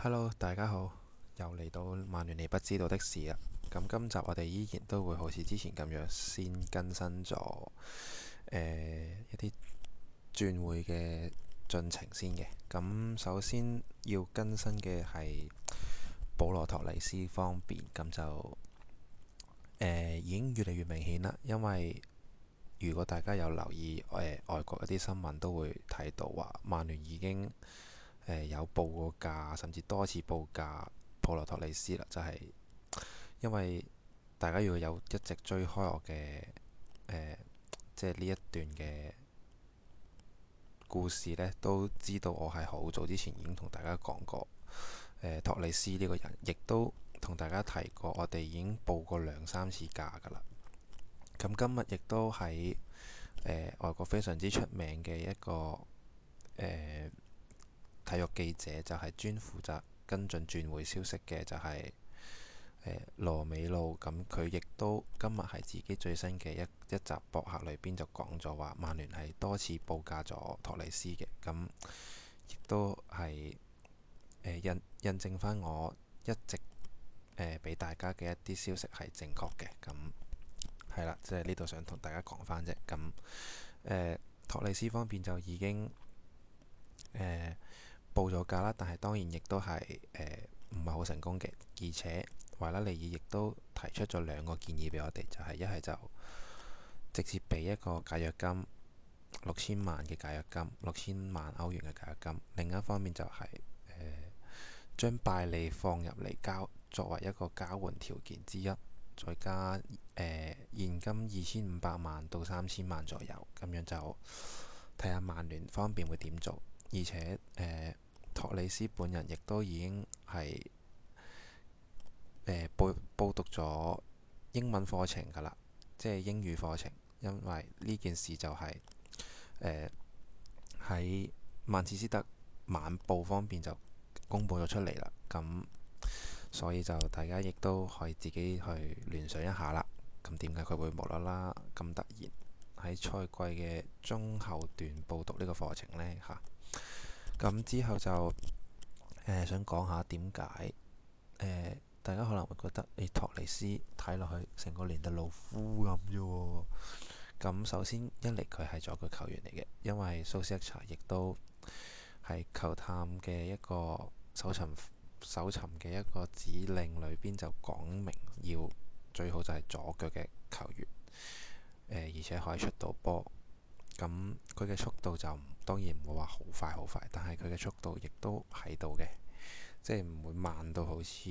Hello，大家好，又嚟到曼聯你不知道的事啦。咁今集我哋依然都會好似之前咁樣，先更新咗誒、呃、一啲轉會嘅進程先嘅。咁首先要更新嘅係保羅托尼斯方面，咁就誒、呃、已經越嚟越明顯啦。因為如果大家有留意誒、呃、外國一啲新聞，都會睇到話曼聯已經。誒、呃、有報過價，甚至多次報價普羅托利斯啦，就係、是、因為大家如果有一直追開我嘅、呃、即係呢一段嘅故事呢，都知道我係好早之前已經同大家講過、呃。托利斯呢個人，亦都同大家提過，我哋已經報過兩三次價㗎啦。咁今日亦都喺外國非常之出名嘅一個、呃體育記者就係專負責跟進轉會消息嘅、就係，就係誒羅美露咁，佢亦都今日係自己最新嘅一一集博客裏邊就講咗話，曼聯係多次報價咗托尼斯嘅。咁亦都係、呃、印印證翻我一直誒俾、呃、大家嘅一啲消息係正確嘅。咁係啦，即係呢度想同大家講翻啫，咁、呃、托尼斯方面就已經、呃報咗價啦，但係當然亦都係誒唔係好成功嘅。而且維拉利爾亦都提出咗兩個建議俾我哋，就係一係就直接俾一個解約金六千萬嘅解約金，六千萬歐元嘅解約金。另一方面就係、是、誒、呃、將拜利放入嚟交作為一個交換條件之一，再加誒、呃、現金二千五百萬到三千萬左右，咁樣就睇下曼聯方便會點做，而且誒。呃托里斯本人亦都已經係誒、呃、報報讀咗英文課程㗎啦，即係英語課程，因為呢件事就係誒喺曼徹斯特晚報方面就公佈咗出嚟啦，咁所以就大家亦都可以自己去聯想一下啦。咁點解佢會無啦啦咁突然喺賽季嘅中後段報讀呢個課程呢？吓、啊。咁之後就誒、呃、想講下點解誒大家可能會覺得你托尼斯睇落去成個連特路夫咁啫喎。咁、呃、首先一嚟佢係左腳球員嚟嘅，因為蘇斯克查亦都係球探嘅一個搜尋搜尋嘅一個指令裏邊，就講明要最好就係左腳嘅球員誒、呃，而且可以出到波。咁佢嘅速度就當然唔會話好快，好快，但係佢嘅速度亦都喺度嘅，即係唔會慢到好似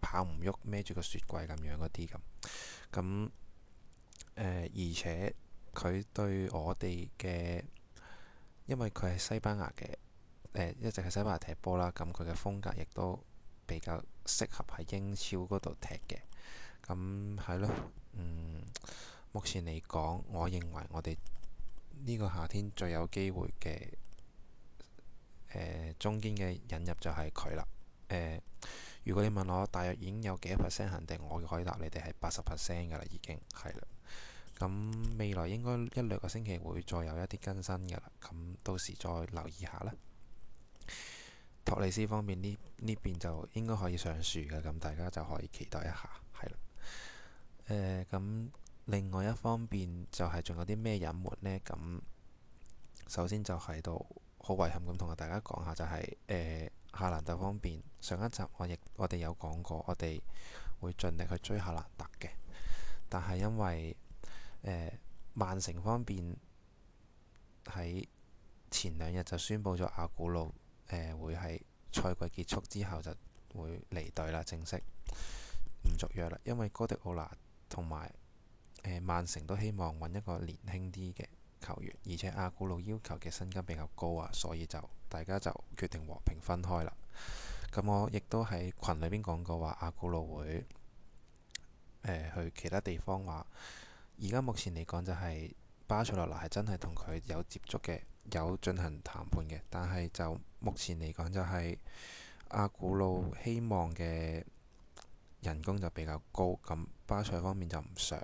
跑唔喐，孭住個雪櫃咁樣嗰啲咁。咁、呃、而且佢對我哋嘅，因為佢係西班牙嘅、呃，一直係西班牙踢波啦。咁佢嘅風格亦都比較適合喺英超嗰度踢嘅。咁係咯，嗯，目前嚟講，我認為我哋。呢個夏天最有機會嘅、呃、中堅嘅引入就係佢啦。如果你問我大約已經有幾多 percent 肯定，我可以答你哋係八十 percent 嘅啦，已經係啦。咁未來應該一兩個星期會再有一啲更新嘅，咁到時再留意下啦。托利斯方面呢呢邊就應該可以上樹嘅，咁大家就可以期待一下，係啦。咁、呃。另外一方面就係、是、仲有啲咩隱瞞呢？咁首先就喺度好遺憾咁同大家講下，就係、是、誒、呃、夏蘭特方面上一集我亦我哋有講過，我哋會盡力去追夏蘭特嘅，但係因為誒、呃、曼城方面喺前兩日就宣布咗阿古魯誒、呃、會喺賽季結束之後就會離隊啦，正式唔續約啦，因為哥迪奧拿同埋。曼城都希望揾一個年輕啲嘅球員，而且阿古路要求嘅薪金比較高啊，所以就大家就決定和平分開啦。咁我亦都喺群裏邊講過，話阿古路會、呃、去其他地方話。而家目前嚟講就係巴塞羅那係真係同佢有接觸嘅，有進行談判嘅，但係就目前嚟講就係阿古路希望嘅人工就比較高，咁巴塞方面就唔想。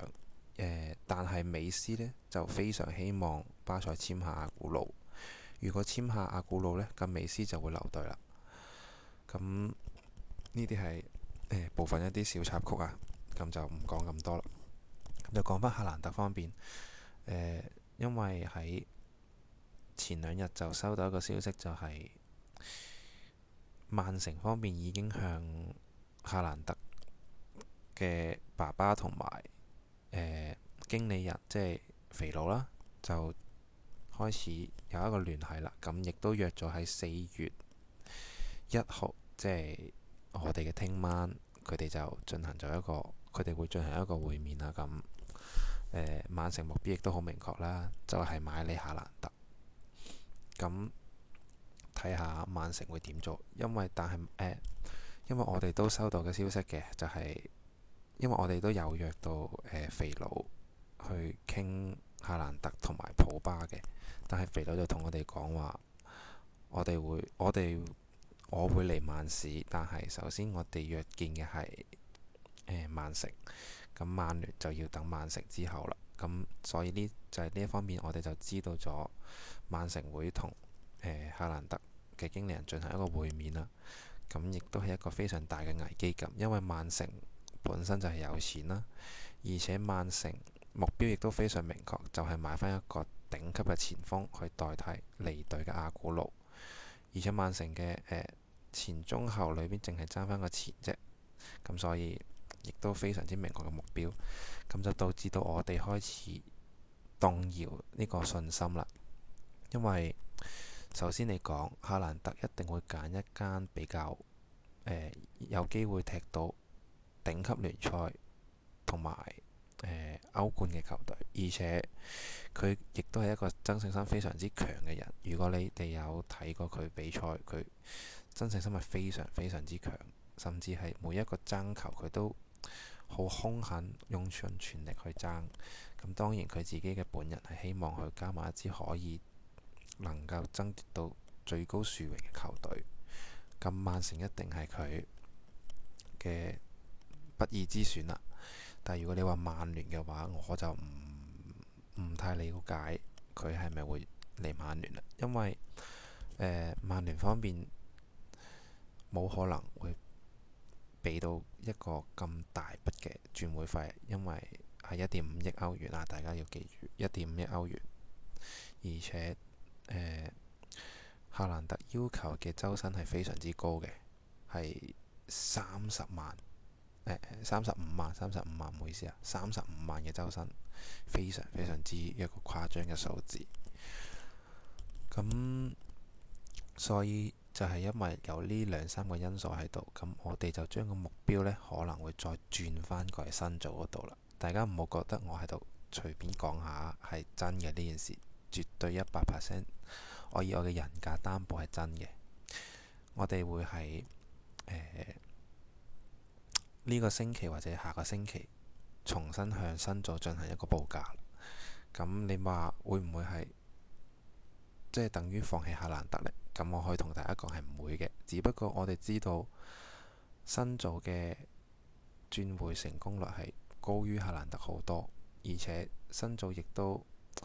但係美斯呢，就非常希望巴塞簽下阿古魯。如果簽下阿古魯呢，咁美斯就會留隊啦。咁呢啲係部分一啲小插曲啊，咁就唔講咁多啦。咁就講返哈蘭特方面，呃、因為喺前兩日就收到一個消息、就是，就係曼城方面已經向哈蘭特嘅爸爸同埋。誒、呃、經理人即係肥佬啦，就開始有一個聯繫啦。咁亦都約咗喺四月一號，即係我哋嘅聽晚，佢哋就進行咗一個，佢哋會進行一個會面啦。咁誒、呃，曼城目標亦都好明確啦，就係買夏蘭特。咁睇下曼城會點做，因為但係誒、呃，因為我哋都收到嘅消息嘅，就係、是。因為我哋都有約到誒、呃、肥佬去傾夏蘭特同埋普巴嘅，但係肥佬就同我哋講話，我哋會我哋我會嚟曼市，但係首先我哋約見嘅係誒曼城，咁曼聯就要等曼城之後啦。咁所以呢就係、是、呢一方面，我哋就知道咗曼城會同誒、呃、夏蘭特嘅經理人進行一個會面啦。咁亦都係一個非常大嘅危機感，因為曼城。本身就係有錢啦，而且曼城目標亦都非常明確，就係、是、買翻一個頂級嘅前鋒去代替離隊嘅阿古路，而且曼城嘅誒、呃、前中後裏邊淨係爭翻個前啫，咁所以亦都非常之明確嘅目標，咁就導致到我哋開始動搖呢個信心啦。因為首先你講哈蘭特一定會揀一間比較誒、呃、有機會踢到。頂級聯賽同埋誒歐冠嘅球隊，而且佢亦都係一個爭勝心非常之強嘅人。如果你哋有睇過佢比賽，佢爭勝心係非常非常之強，甚至係每一個爭球佢都好兇狠，用盡全力去爭。咁當然佢自己嘅本人係希望去加埋一支可以能夠爭奪到最高殊榮嘅球隊。咁曼城一定係佢嘅不二之選啦。但如果你話曼聯嘅話，我就唔唔太理解佢係咪會嚟曼聯啦，因為、呃、曼聯方面冇可能會俾到一個咁大筆嘅轉會費，因為係一點五億歐元啊！大家要記住一點五億歐元，而且誒夏、呃、蘭特要求嘅周薪係非常之高嘅，係三十萬。哎，三十五萬，三十五萬，唔好意思啊，三十五萬嘅周薪，非常非常之一個誇張嘅數字。咁，所以就係因為有呢兩三個因素喺度，咁我哋就將個目標呢可能會再轉翻過嚟新組嗰度啦。大家唔好覺得我喺度隨便講下係真嘅呢件事，絕對一百 percent，我以我嘅人格擔保係真嘅。我哋會喺呢個星期或者下個星期重新向辛祖進行一個報價，咁你話會唔會係即係等於放棄夏蘭特咧？咁我可以同大家講，係唔會嘅，只不過我哋知道辛祖嘅轉會成功率係高於夏蘭特好多，而且辛祖亦都誒、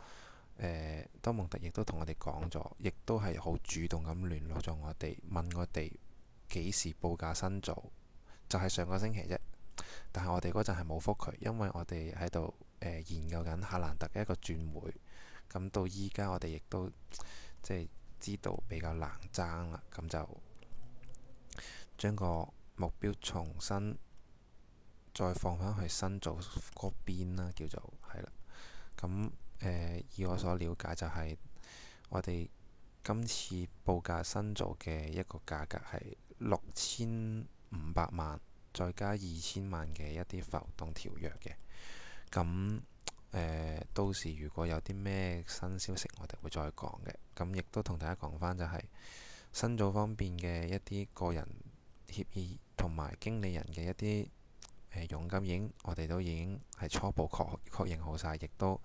呃、多蒙特亦都同我哋講咗，亦都係好主動咁聯絡咗我哋，問我哋幾時報價辛祖。就係上個星期啫，但係我哋嗰陣係冇覆佢，因為我哋喺度誒研究緊哈蘭特嘅一個轉會。咁到依家我哋亦都即係知道比較難爭啦，咁就將個目標重新再放返去新組嗰邊啦，叫做係啦。咁誒、呃，以我所了解就係，是、我哋今次報價新組嘅一個價格係六千五百萬，再加二千萬嘅一啲浮動條約嘅，咁誒、呃，到時如果有啲咩新消息，我哋會再講嘅。咁亦都同大家講翻就係、是、新組方面嘅一啲個人協議同埋經理人嘅一啲誒、呃、佣金，已經我哋都已經係初步確確認好晒，亦都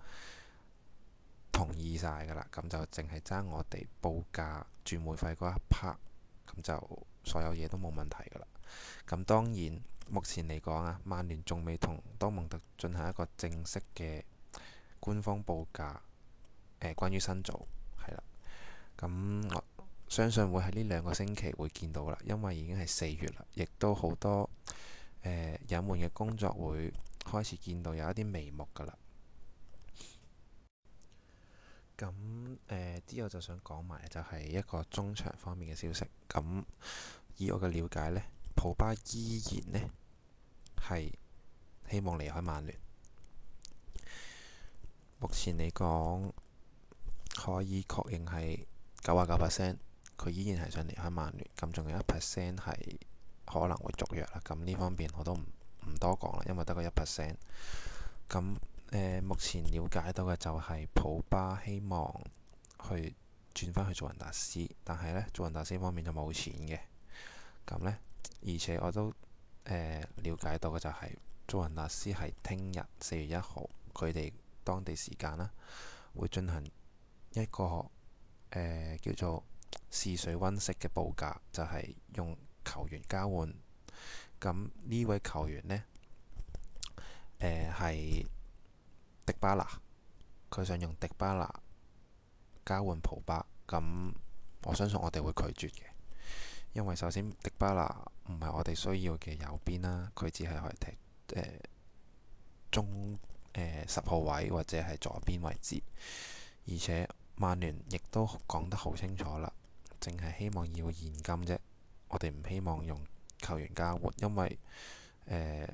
同意晒噶啦。咁就淨係爭我哋報價轉會費嗰一 part，咁就。所有嘢都冇問題噶啦，咁當然目前嚟講啊，曼聯仲未同多蒙特進行一個正式嘅官方報價，誒、呃、關於新組係啦，咁我相信會喺呢兩個星期會見到啦，因為已經係四月啦，亦都好多誒、呃、隱瞞嘅工作會開始見到有一啲眉目噶啦。咁誒、之後就想講埋就係一個中場方面嘅消息。咁以我嘅了解呢，普巴依然呢係希望離開曼聯。目前嚟講可以確認係九啊九 percent，佢依然係想離開曼聯。咁仲有一 percent 係可能會續約啦。咁呢方面我都唔唔多講啦，因為得個一 percent。咁目前了解到嘅就係普巴希望去轉翻去做祖雲達斯，但係呢做祖雲達斯方面就冇錢嘅。咁呢，而且我都、呃、了解到嘅就係、是、做祖雲達斯係聽日四月一號佢哋當地時間啦，會進行一個、呃、叫做試水溫式嘅報價，就係、是、用球員交換。咁呢位球員呢，誒、呃、係。迪巴拿，佢想用迪巴拿交換普巴，咁我相信我哋會拒絕嘅，因為首先迪巴拿唔係我哋需要嘅右邊啦，佢只係可以踢誒中誒十號位或者係左邊位置，而且曼聯亦都講得好清楚啦，淨係希望要現金啫，我哋唔希望用球員交換，因為誒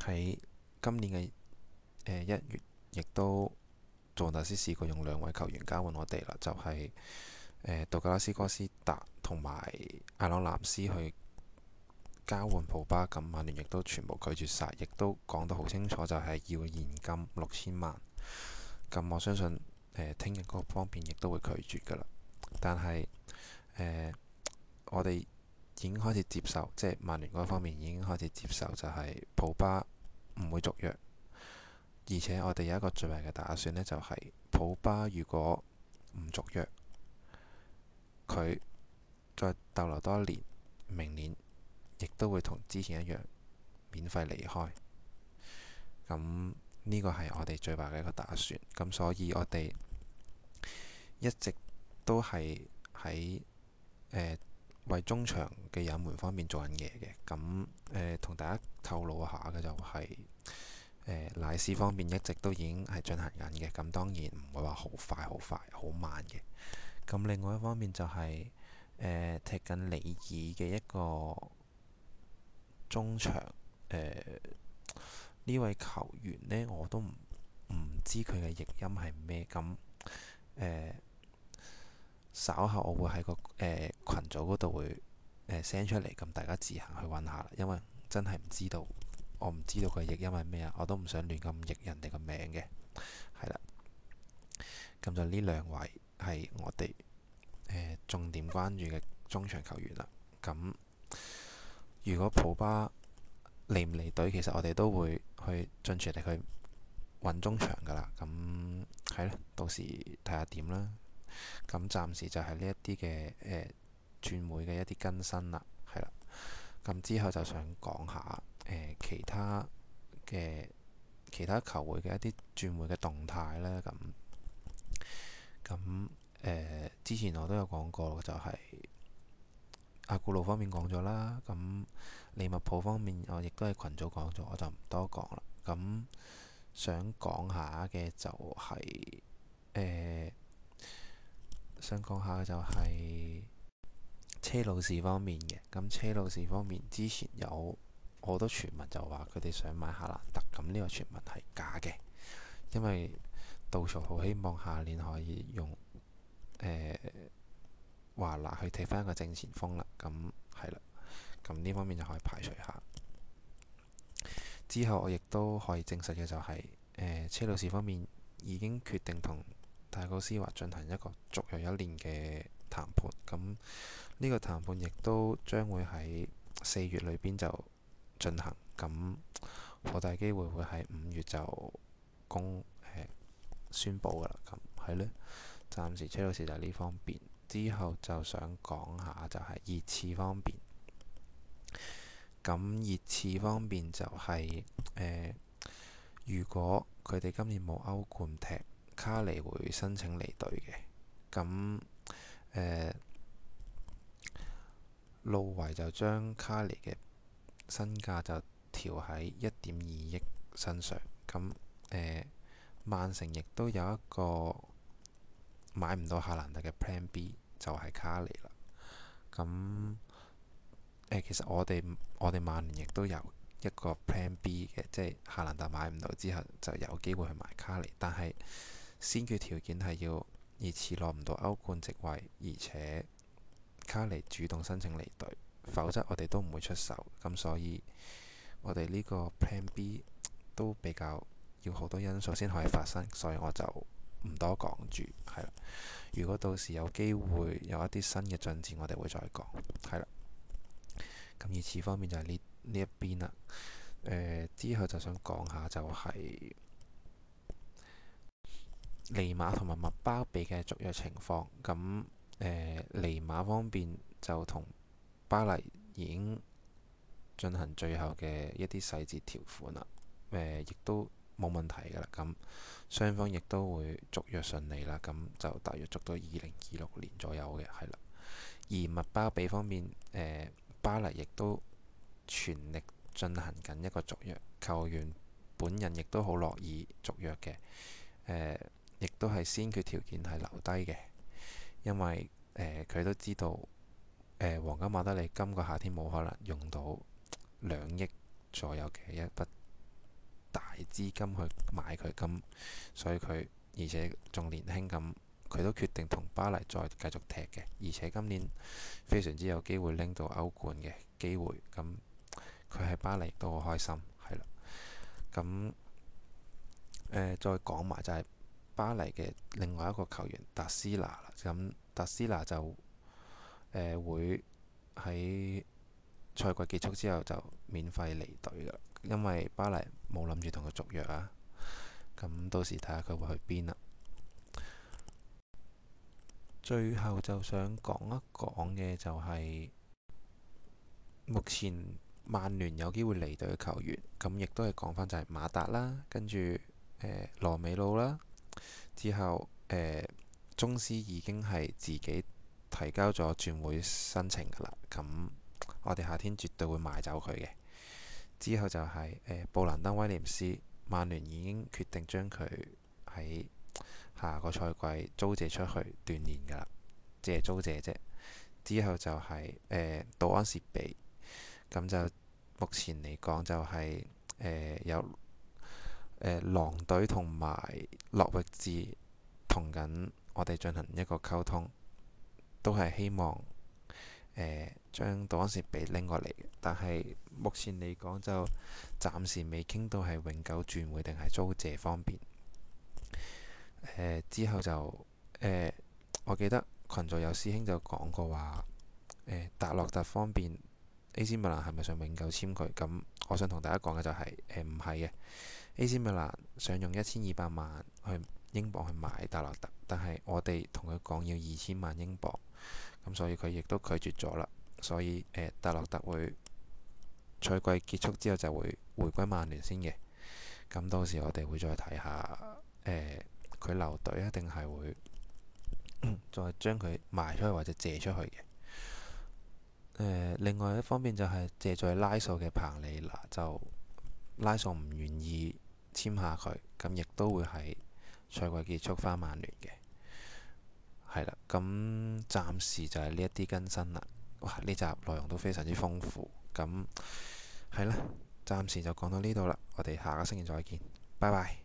喺今年嘅。誒、呃、一月亦都做，大師試過用兩位球員交換我哋啦，就係、是、誒、呃、杜格拉斯哥斯達同埋阿朗南斯去交換普巴，咁曼聯亦都全部拒絕晒，亦都講得好清楚，就係要現金六千萬。咁、嗯嗯、我相信誒，聽日嗰方面亦都會拒絕噶啦。但係誒、呃，我哋已經開始接受，即係曼聯嗰方面已經開始接受，就係普巴唔會續約。而且我哋有一個最壞嘅打算呢就係、是、普巴如果唔續約，佢再逗留多一年，明年亦都會同之前一樣免費離開。咁呢個係我哋最壞嘅一個打算。咁所以，我哋一直都係喺誒為中場嘅引援方面做緊嘢嘅。咁同、呃、大家透露下嘅就係、是。誒，尼斯方面一直都已經係進行緊嘅，咁當然唔會話好快，快、好快、好慢嘅。咁另外一方面就係、是、誒、呃、踢緊里爾嘅一個中場，誒、呃、呢位球員呢，我都唔唔知佢嘅譯音係咩，咁誒、呃、稍後我會喺個誒羣、呃、組嗰度會誒 send、呃、出嚟，咁大家自行去揾下啦，因為真係唔知道。我唔知道佢譯音係咩啊！我都唔想亂咁譯人哋個名嘅，係啦。咁就呢兩位係我哋誒、呃、重點關注嘅中場球員啦。咁、嗯、如果普巴離唔離隊，其實我哋都會去盡全力去揾中場噶啦。咁係咯，到時睇下點啦。咁、嗯、暫時就係呢一啲嘅誒轉會嘅一啲更新啦，係啦。咁、嗯、之後就想講下。其他嘅其他球會嘅一啲轉會嘅動態咧，咁咁、呃、之前我都有講過，就係、是、阿古路方面講咗啦，咁利物浦方面我亦都係群組講咗，我就唔多講啦。咁想講下嘅就係、是呃、想講下嘅就係、是、車路士方面嘅。咁車路士方面之前有。好多傳聞就話佢哋想買夏蘭特，咁呢個傳聞係假嘅，因為杜屬好希望下年可以用誒華納去踢返個正前鋒啦。咁係啦，咁呢方面就可以排除下。之後我亦都可以證實嘅就係、是、誒、呃、車路士方面已經決定同大高斯華進行一個續約一年嘅談判。咁呢個談判亦都將會喺四月裏邊就。進行咁，好大機會會喺五月就公誒、欸、宣佈㗎喇。咁係呢，暫時車路士就係呢方面。之後就想講下就係熱刺方面。咁熱刺方面就係、是呃、如果佢哋今年冇歐冠踢，卡尼會申請離隊嘅。咁誒、路、呃、維就將卡尼嘅。身價就調喺一點二億身上，咁誒、欸、曼城亦都有一個買唔到夏蘭特嘅 Plan B 就係卡尼啦，咁誒、欸、其實我哋我哋曼聯亦都有一個 Plan B 嘅，即係夏蘭特買唔到之後就有機會去買卡尼，但係先決條件係要二次攞唔到歐冠席位，而且卡尼主動申請離隊。否則，我哋都唔會出手。咁所以，我哋呢個 plan B 都比較要好多因素先可以發生，所以我就唔多講住，係啦。如果到時有機會有一啲新嘅進展，我哋會再講，係啦。咁，其次方面就係呢呢一邊啦。呃，之後就想講下就係尼馬同埋麥巴比嘅續約情況。咁誒，尼馬方面就同。巴黎已經進行最後嘅一啲細節條款啦，呃、亦都冇問題㗎啦。咁雙方亦都會續約順利啦，咁就大約續到二零二六年左右嘅，係啦。而麥巴比方面，呃、巴黎亦都全力進行緊一個續約，球員本人亦都好樂意續約嘅，呃、亦都係先決條件係留低嘅，因為呃、佢都知道。誒、黃金馬德里今個夏天冇可能用到兩億左右嘅一筆大資金去買佢咁，所以佢而且仲年輕咁，佢都決定同巴黎再繼續踢嘅，而且今年非常之有機會拎到歐冠嘅機會，咁佢喺巴黎都好開心，係啦，咁誒、呃、再講埋就係巴黎嘅另外一個球員達斯拿咁，達斯拿就。誒會喺賽季結束之後就免費離隊㗎啦，因為巴黎冇諗住同佢續約啊。咁到時睇下佢會去邊啦。最後就想講一講嘅就係目前曼聯有機會離隊嘅球員，咁亦都係講翻就係馬達啦，跟住誒、呃、羅美路啦，之後誒、呃、中斯已經係自己。提交咗轉會申請，㗎啦，咁我哋夏天絕對會賣走佢嘅。之後就係、是、誒、呃、布蘭登威廉斯，曼聯已經決定將佢喺下個賽季租借出去鍛煉，㗎啦，借租借啫。之後就係誒杜安士比，咁就目前嚟講就係、是、誒、呃、有誒狼隊同埋諾域治同緊我哋進行一個溝通。都係希望誒將當時俾拎過嚟，但係目前嚟講就暫時未傾到係永久轉會定係租借方面、呃。之後就誒、呃，我記得群組有師兄就講過話誒、呃，達洛特方面 A.C. 米蘭係咪想永久簽佢？咁我想同大家講嘅就係誒唔係嘅，A.C. 米蘭想用一千二百萬去英鎊去買達洛特，但係我哋同佢講要二千萬英鎊。咁、嗯、所以佢亦都拒絕咗啦，所以誒、呃，達洛特會賽季結束之後就會回歸曼聯先嘅。咁到時我哋會再睇下誒，佢留隊一定係會再將佢賣出去或者借出去嘅。誒、呃，另外一方面就係借在拉索嘅彭利拿，就拉索唔願意簽下佢，咁亦都會喺賽季結束返曼聯嘅。係啦，咁暫時就係呢一啲更新啦。哇，呢集內容都非常之豐富。咁係啦，暫時就講到呢度啦。我哋下個星期再見，拜拜。